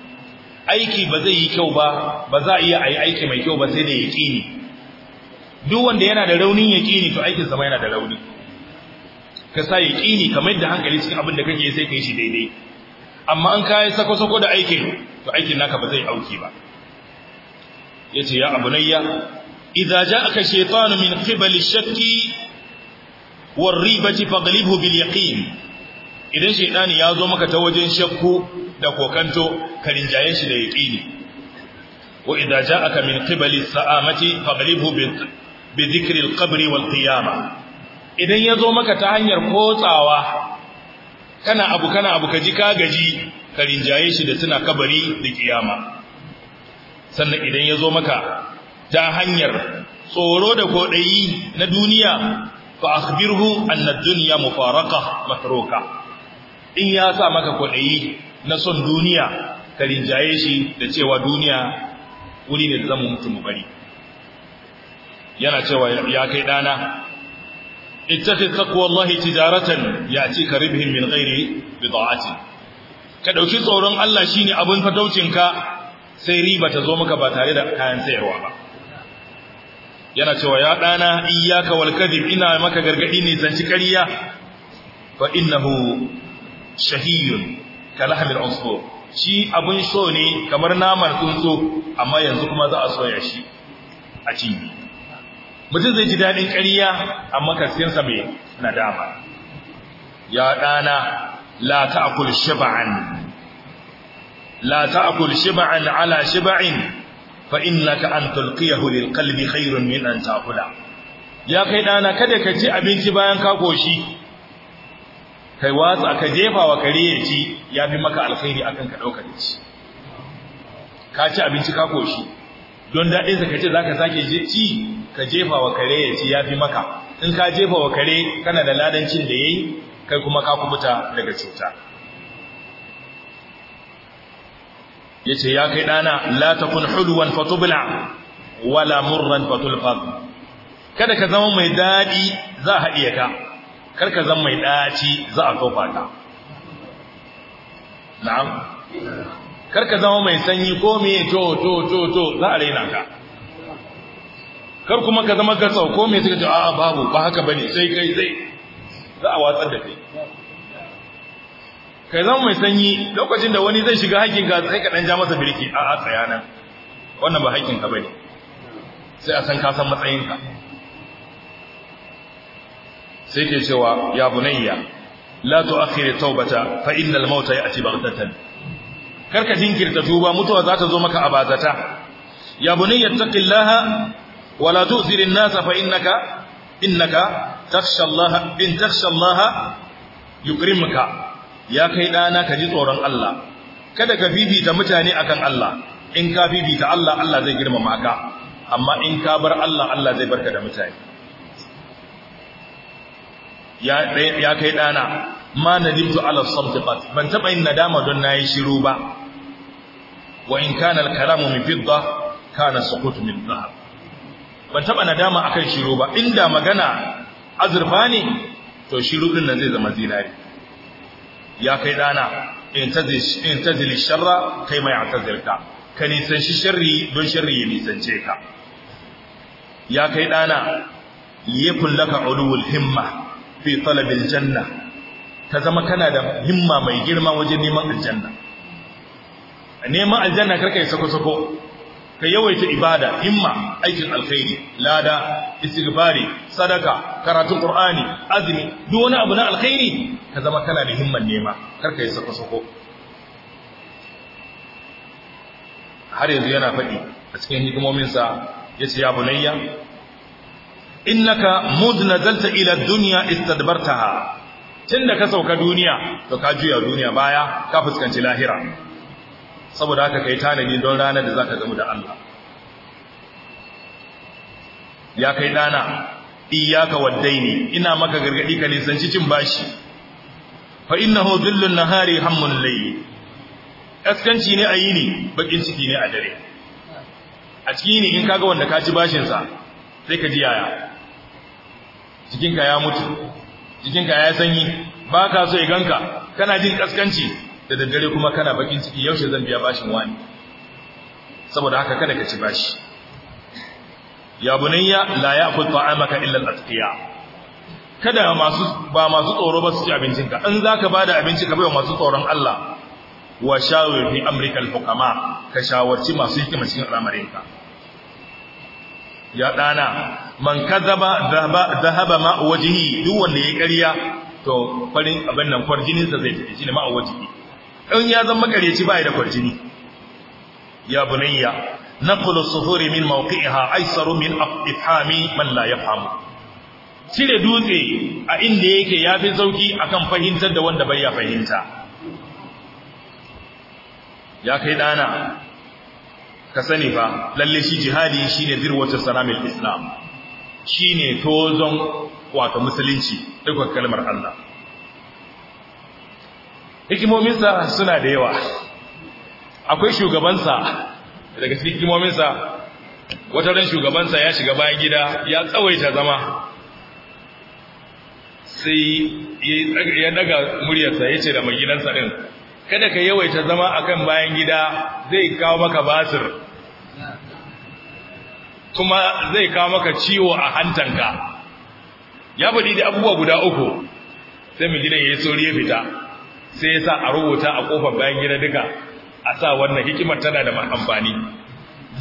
aiki ba zai yi kyau ba ba za a iya ayi aiki mai kyau ba sai da yaqini duk wanda yana da raunin yaqini to aikin sa ma yana da rauni ka sa yaqini kamar da hankali cikin abin da kake sai ka yi shi daidai amma an kai sako sako da aikin to aikin naka ba zai auki ba yace ya abunayya idza ja'aka shaytanu min qibali shakki war ribati faghlibhu bil yaqin idan shaitani ya zo maka ta wajen shakku da kokanto ka rinjaye shi da yaqini wa idza ja'aka min qibali sa'amati faghlibhu bi dhikri al-qabr wal qiyama idan ya zo maka ta hanyar kotsawa kana abu kana abu kaji ka gaji ka rinjaye shi da tuna kabari da kiyama sannan idan ya zo maka ta hanyar tsoro da kodayi na duniya fa akhbirhu anna ad-dunya mufaraqah matruka in ya sa maka kwaɗayi na son duniya ka rinjaye shi da cewa duniya wuri ne da zama mutu mu bari yana cewa ya kai ɗana ittaqi taqwallahi tijaratan ya'tika ribhin min ghairi ce. ka ɗauki tsoron Allah shine abin fataucinka sai riba ta zo maka ba tare da kayan sayarwa ba yana cewa ya ɗana iyyaka wal kadhib ina maka gargadi ne zanci ƙarya fa innahu shahiyun kalahmil usbur shi abun so ne kamar naman tsuntsu amma yanzu kuma za a soya shi a cinye mutum zai ji daɗin ƙarya amma kasiyarsa mai nadama ya ɗana la ta'kul shiba'an la ta'kul shiba'an ala shiba'in fa innaka an tulqiyahu lil qalbi khairun min an ta'kula ya kai ɗana kada ka ci abinci bayan ka goshi kai watsa aka jefa wa kare ya ci ya fi maka alkhairi akan ka ɗauka da ci ka ci abinci ka koshi don daɗinsa sa ka ce za ka sake ci ka jefa wa kare ya ci ya fi maka in ka jefa wa kare kana da ladancin da ya yi kai kuma ka kubuta daga cuta yace ya kai ɗana la ta kun huluwan fatubula wala murran fatulfa kada ka zama mai daɗi za a haɗiye ka karka zan mai ɗaci za a tofa ta na'am karka zama mai sanyi ko me to to to to za a raina ka kar kuma ka zama ka tsau ko me suka ce a babu ba haka bane sai kai sai za a watsar da kai kai zama mai sanyi lokacin da wani zai shiga hakkin ka sai ka dan ja masa birki a'a tsaya nan wannan ba hakkin ka bane sai a san ka san matsayinka sai ke cewa ya bunayya la tu'akhir taubata, fa innal mauta ya'ti baghtatan karka jinkirta tuba mutuwa za ta zo maka a bazata ya bunayya taqillaha wa la tu'thir an nasa, fa innaka innaka takhsha Allah in takhsha yukrimuka ya kai dana ka ji tsoron Allah kada ka fifita mutane akan Allah in ka fifita Allah Allah zai girmama ka amma in ka bar Allah Allah zai barka da mutane ya kai ɗana ma nadimtu ala sabtiqat ban taɓa yin nadama don yi shiru ba wa in kana al min fidda kana sukutu min dhahab ban taɓa nadama akan shiru ba inda magana azurfa ne to shiru ɗin nan zai zama zinari ya kai ɗana, in ta in sharra kai mai atazirka ka nisan shi sharri don sharri ya nisance ka ya kai ɗana, liyakun laka ulul himma fi talabil janna ka zama kana da himma mai girma wajen neman aljanna neman aljanna karka yi sako-sako ka yawaita ibada himma aikin alkhairi lada istighfari sadaka karatun qur'ani azumi duk wani abu na alkhairi ka zama kana da himman nema karka yi sako-sako har yanzu yana faɗi a cikin hikimominsa ya ce ya bunayya innaka mudnazalta zalta ila dunya istadbartaha tunda ka sauka duniya to ka juya duniya baya ka fuskanci lahira saboda haka kai tanadi don ranar da zaka gamu da Allah ya kai dana iyyaka waddaini ina maka gargadi ka nisanci cin bashi fa innahu dhillun nahari hammun layli askanci ne a yini bakin ciki ne a dare a ciki ne in kaga wanda ka ci bashin sa sai ka ji yaya jikinka ya mutu jikinka ya sanyi ba ka so ganka kana jin kaskanci da daddare kuma kana bakin ciki yaushe zan biya bashin wani saboda haka kada ka ci bashi ya bunayya la ya'kul ta'amaka illa al-atqiya kada masu ba masu tsoro ba su ci abincinka in zaka bada abinci ka baiwa masu tsoron Allah wa shawir fi amrika al-hukama ka shawarci masu hikima cikin al'amarin ka. ya ɗana man kazaba zahaba ma wajihi duk wanda ya ƙarya to farin abin nan kwarjininsa zai tafi shine ma wajihi in ya zama kareci ba da kwarjini ya bunayya naqlu suhuri min mawqi'iha aysaru min ifhami man la yafhamu cire dutse a inda yake yafi sauki akan fahimtar da wanda bai ya fahimta ya kai dana ka sani ba, lalle shi jihadi shi shine zirwatu salamil islam ne tozon wato musulunci dukkan kalmar Allah hikimominsa suna da yawa akwai shugabansa daga cikin hikimominsa wata ran shugabansa ya shiga bayan gida ya tsawaita zama sai ya daga muryarsa ya ce da mai gidansa din kada ka yawaita zama akan bayan gida zai kawo maka basir kuma zai kawo maka ciwo a hantanka ya faɗi da abubuwa guda uku sai mai gidan ya yi tsori ya fita sai ya sa a rubuta a ƙofar bayan gida duka a sa wannan hikimar tana da amfani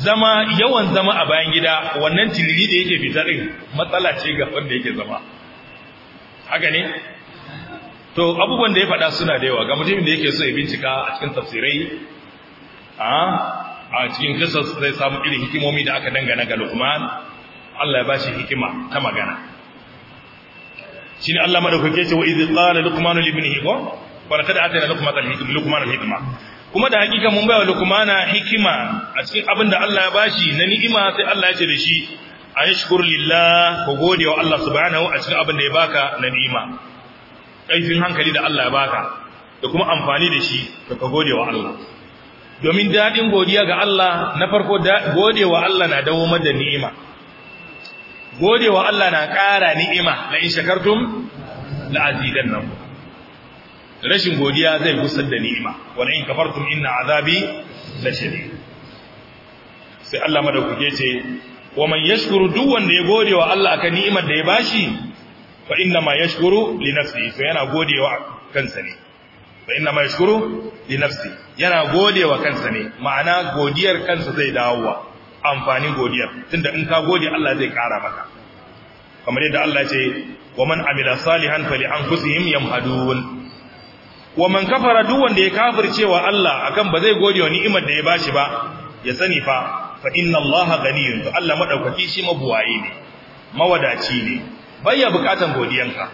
zama yawan zama a bayan gida wannan tilili da yake fita ɗin matsala ce ga wanda yake zama haka ne to abubuwan da ya faɗa suna da yawa ga mutumin da yake so ya bincika a cikin tafsirai a cikin kisas zai samu irin hikimomi da aka dangana ga lukman Allah ya bashi hikima ta magana shi ne Allah madaukake ce wa izi tsara luqman li ibnihi ko kada a tana al-hikma luqman al kuma da hakika mun bayar luqmana hikima a cikin abin da Allah ya bashi na ni'ima sai Allah ya ce da shi ayashkur lillah ko gode wa Allah subhanahu a cikin abin da ya baka na ni'ima Ƙaifin hankali da Allah ya baka da kuma amfani da shi to ka gode wa Allah domin daɗin godiya ga Allah na farko gode wa Allah na dawo da ni'ima gode wa Allah na ƙara ni'ima la in shakartum la azidannakum rashin godiya zai gusar da ni'ima wani in kafartum inna azabi la shadid sai Allah madauke ce wa man yashkuru duk wanda ya gode wa Allah kan ni'imar da ya bashi fa inna ma yashkuru li nafsi to yana godewa kansa ne fa inna ma yashkuru li nafsi yana godewa kansa ne ma'ana godiyar kansa zai dawowa amfani godiyar tunda in ka gode Allah zai kara maka kamar yadda Allah ce wa man amila salihan fali anfusihim yamhadun wa man kafara duk wanda ya kafircewa Allah akan ba zai gode wa ni'imar da ya bashi ba ya sani fa fa inna Allah ganiyun to Allah madaukaki shi mabuwaye ne mawadaci ne bayya bukatan godiyanka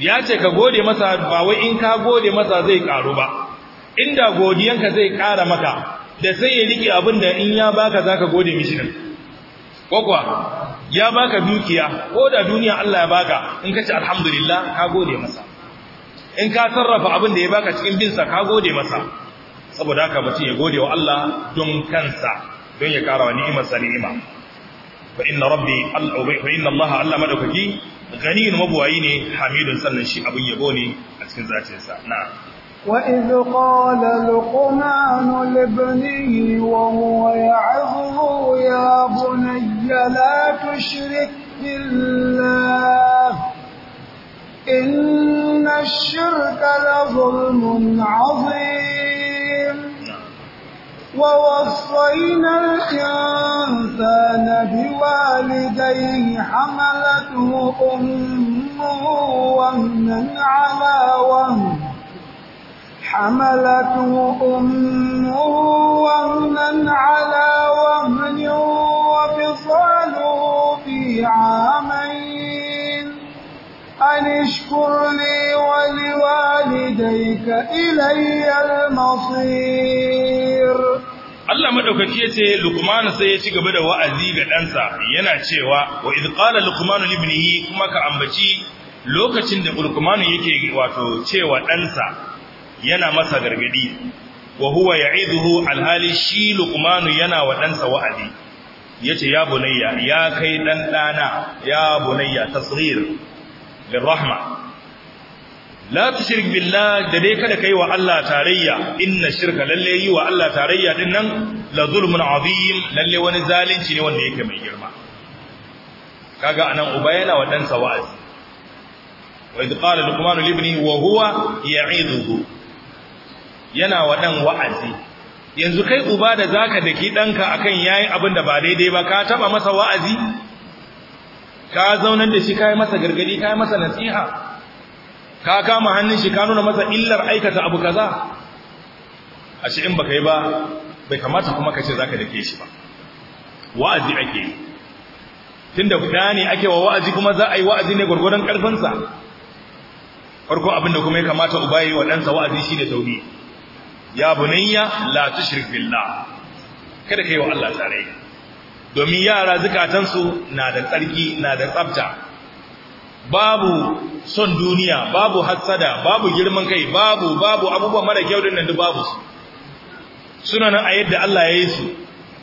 ya ce ka gode masa ba wai in ka gode masa zai karu ba inda godiyanka zai kara maka da sai ya rike abin da in ya baka zaka gode mishi din kokwa ya baka dukiya ko da duniya Allah ya baka in kace alhamdulillah ka gode masa in ka sarrafa abin da ya baka cikin bin sa ka gode masa saboda haka mutum ya gode wa Allah don kansa don ya kara wa ni'imar sa ni'ima فإن ربي فإن الله الله مدوكي غني مبوعين حميد سنن شي أبو يبوني أسكن نعم وإذ قال لقمان لابنه وهو يعظه يا بني لا تشرك بالله إن الشرك لظلم عظيم ووصينا الإنسان بوالديه حملته أمه وهنا على وهن حملته أمه وهنا على وهن وفصاله في عامين أن اشكر لي ولوالديك إلي المصير Allah madaukaki yace Luqman sai ya ci gaba da wa'azi ga ɗansa yana cewa wa idh qala Luqman libnihi kuma ka ambaci lokacin da Luqman yake wato cewa ɗansa yana masa gargadi wa huwa ya'iduhu alhali shi Luqman yana wa ɗansa wa'azi yace ya bunayya ya kai dan dana ya bunayya tasghir lirahma la tushrik billah da dai kada kai wa Allah tarayya inna shirka lalle yi wa Allah tarayya din nan la zulmun azim lalle wani zalunci ne wanda yake mai girma kaga anan uba yana wa dan sa wa'azi wa idh qala luqman li wa huwa ya'iduhu yana wa dan wa'azi yanzu kai uba da zaka daki danka akan yayi abin da ba daidai ba ka taba masa wa'azi ka zaunar da shi kai masa gargadi kai masa nasiha ka kama hannun shi ka nuna masa illar aikata abu kaza a shi in baka yi ba bai kamata kuma ka ce za ka dake shi ba wa'azi ake yi tun da guda ne ake wa wa'azi kuma za a yi wa'azi ne gwargwadon ƙarfinsa farko abin kuma ya kamata uba yi wa ɗansa wa'azi shi da tauri ya bunayya la tushrik billah kada ka yi wa Allah tare domin yara zukatansu na da tsarki na da tsafta babu son duniya babu hassada babu girman kai babu babu abubuwa mara kyau din nan babu su suna nan a yadda Allah ya yi su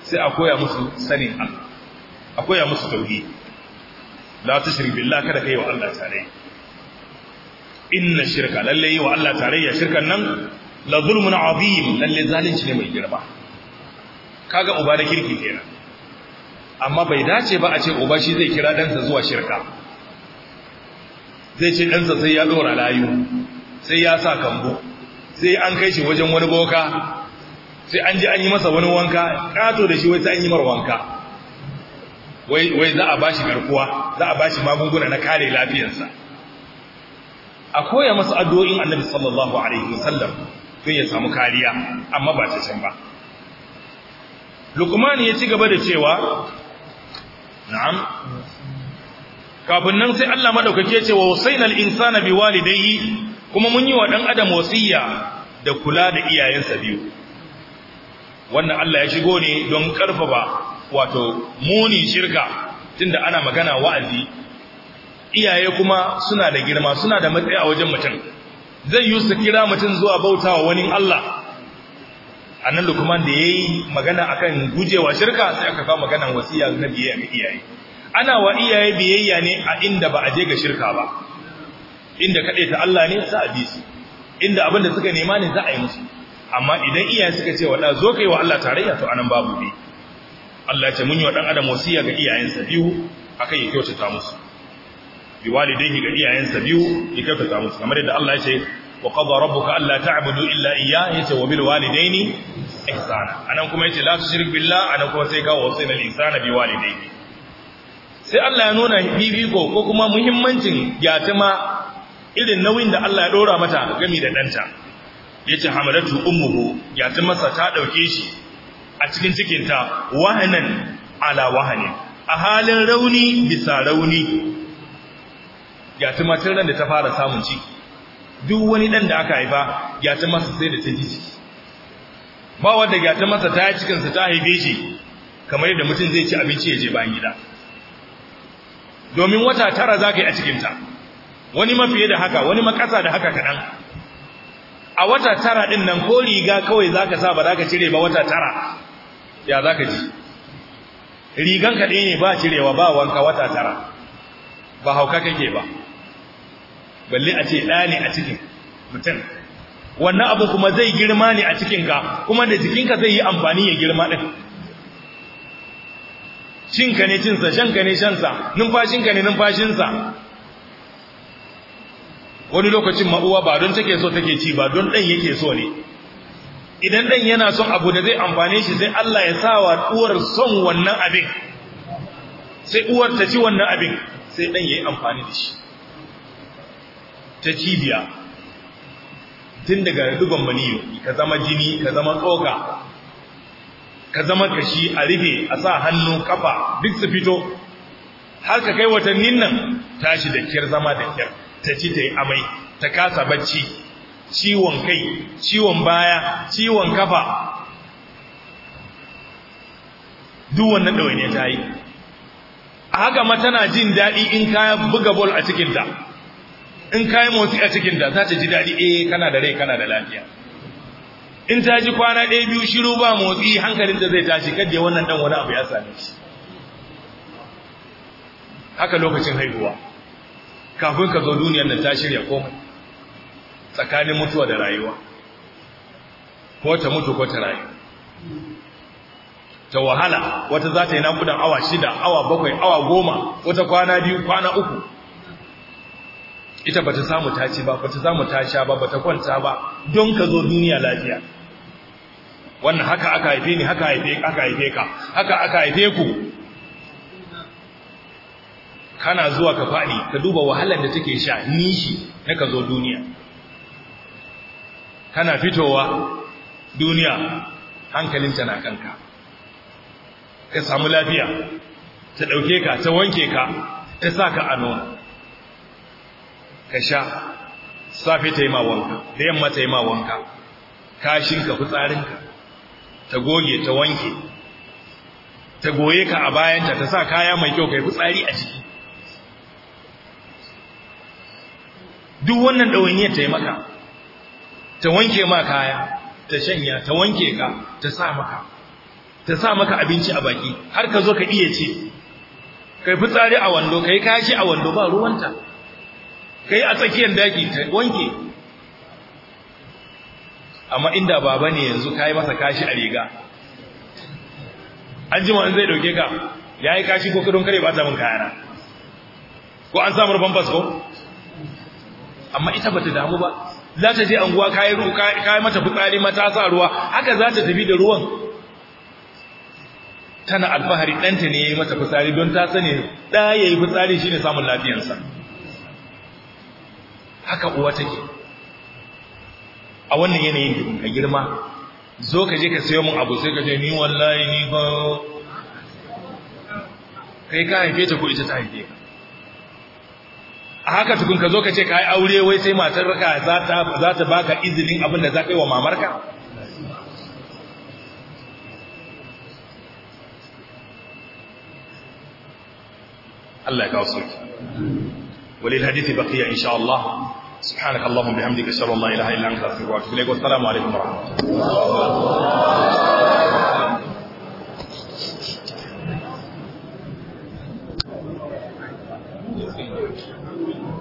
sai a koya musu sanin Allah a koya musu tauhi la tushrik billah kada kai wa Allah tare inna shirka lalle yi wa Allah tare ya shirkan nan la zulmun azim lalle zalunci ne mai girma kaga uba da kirki kenan amma bai dace ba a ce uba shi zai kira dansa zuwa shirka zai ce ɗansa sai ya ɗora layu sai ya sa kambo sai an kai shi wajen wani boka sai an ji an yi masa wani wanka ƙato da shi wai sai an yi mar wanka wai za a bashi garkuwa za a bashi magunguna na kare lafiyarsa a koya masa addu'o'in annabi sallallahu alaihi wasallam don ya samu kariya amma ba ta can ba Lukman ya ci gaba da cewa na'am kafin nan sai Allah madaukake ce wa wasainal insana biwalidayhi kuma mun yi wa dan adam wasiya da kula da iyayensa biyu wannan Allah ya shigo ne don karfafa wato muni shirka tunda ana magana wa'azi iyaye kuma suna da girma suna da matsayi a wajen mutum zai yi su kira mutum zuwa bautawa wani Allah annan lukman da yayi magana akan gujewa shirka sai aka kawo magana wasiya na biye ga iyaye ana wa iyaye biyayya ne a inda ba a je ga shirka ba inda kaɗai ta Allah ne za a bi su inda abin da suka nema ne za a yi musu amma idan iyaye suka ce wa zo kai wa Allah tarayya to anan babu bi Allah ya ce mun yi wa dan adam wasiya ga iyayensa biyu akan ya kyautata musu bi walidayhi ga iyayensa biyu ya kyautata musu kamar yadda Allah ya ce wa qadara rabbuka alla ta'budu illa iyyah yace wa bil walidaini ihsana anan kuma yace la tushrik billah anan kuma sai kawo na insana bi walidayhi sai Allah ya nuna bibiko ko kuma muhimmancin yatima irin nauyin da Allah ya dora mata gami da danta yace hamalatu ummuhu yatimarsa ta ɗauke shi a cikin cikinta wahanan ala wahani a halin rauni bisa rauni yatimatin ran da ta fara samun ci duk wani dan da aka haifa yatimarsa sai da ta ji ba wanda yatimarsa ta yi cikin ta haife shi kamar yadda mutum zai ci abinci ya je bayan gida domin wata tara za ka yi a cikinta wani mafiye da haka wani makasa da haka kaɗan a wata tara ɗin nan ko riga kawai za ka sa ba za ka cire ba wata tara ya za ka ji rigan ka ɗaya ne ba cirewa ba wanka wata tara ba hauka kake ba balle a ce ɗaya ne a cikin mutum wannan abu kuma zai girma ne a cikinka kuma da jikinka zai yi amfani ya girma ɗin cinka ne cinsa shanka ne shansa numfashinka ne numfashinsa wani lokacin ma'uwa ba don take so take ci ba don ɗan yake so ne idan ɗan yana son abu da zai amfane shi sai Allah ya sa wa uwar son wannan abin sai uwar ta ci wannan abin sai ɗan ya yi amfani da shi ta cibiya tun daga dubban maniyo ka zama jini ka zama tsoka ka zama kashi a rufe a sa hannu kafa duk su fito har ka kai watannin nan tashi da kyar zama da kyar ta ci ta yi amai ta kasa bacci ciwon kai ciwon baya ciwon kafa duk wannan ɗawainiya ta yi a haka ma tana jin daɗi in kaya buga bol a cikinta in kaya motsi a cikinta za ta ji daɗi eh kana da rai kana da lafiya in ta ji kwana ɗaya biyu shiru ba motsi hankalin da zai tashi kaje wannan dan wani abu ya same shi haka lokacin haihuwa kafin ka zo duniyar nan ta shirya komai tsakanin mutuwa da rayuwa ko ta mutu ko ta rayu ta wahala wata za ta yi nakudan awa shida awa bakwai awa goma wata kwana biyu kwana uku ita ba ta samu ta ci ba ba ta samu ta ba ba ta kwanta ba don ka zo duniya lafiya wannan haka aka haife ni haka haife aka haife ka haka aka haife ku kana zuwa ka fadi ka duba wahalar da take sha nishi na ka zo duniya kana fitowa duniya hankalinta na kanka ka samu lafiya ta dauke ka ta wanke ka ta saka a nono ka sha safe ta yi ma wanka da yamma ta yi ma wanka kashinka fitsarinka ta goge ta wanke ta goye ka a bayanta ta sa kaya mai kyau kai fitsari a ciki duk wannan ɗawainiyar ta yi maka ta wanke ma kaya ta shanya ta wanke ka ta sa maka ta sa maka abinci a baki har ka zo ka iya ce kai fitsari a wando kai kashi a wando ba ruwanta kai a tsakiyar daki ta wanke amma inda baba ne yanzu ka yi masa kashi a riga an zai ɗauke ka ya yi kashi ko kudin kare ba ta mun kayana ko an samu rufan fasko amma ita bata damu ba za ta je anguwa kai mata fitsari mata sa ruwa haka za ta tafi da ruwan tana alfahari ɗanta ne ya mata fitsari don ta sani ɗaya ya fitsari shine samun lafiyansa haka uwa take a wannan yanayin ka girma zo ka je ka sayo mun abu sai ka ce ni wallahi ni fa kai ka haife ta ko ita ta haife ka a haka tukun ka zo ka ce ka yi aure wai sai matar ka za ta baka izinin abin da za ka yi wa mamarka Allah ya kawo sauki walil hadisi baqiya insha Allah سبحانك اللهم بحمدك اشهد ان لا اله الا انت استغفرك واتوب اليك والسلام عليكم ورحمه الله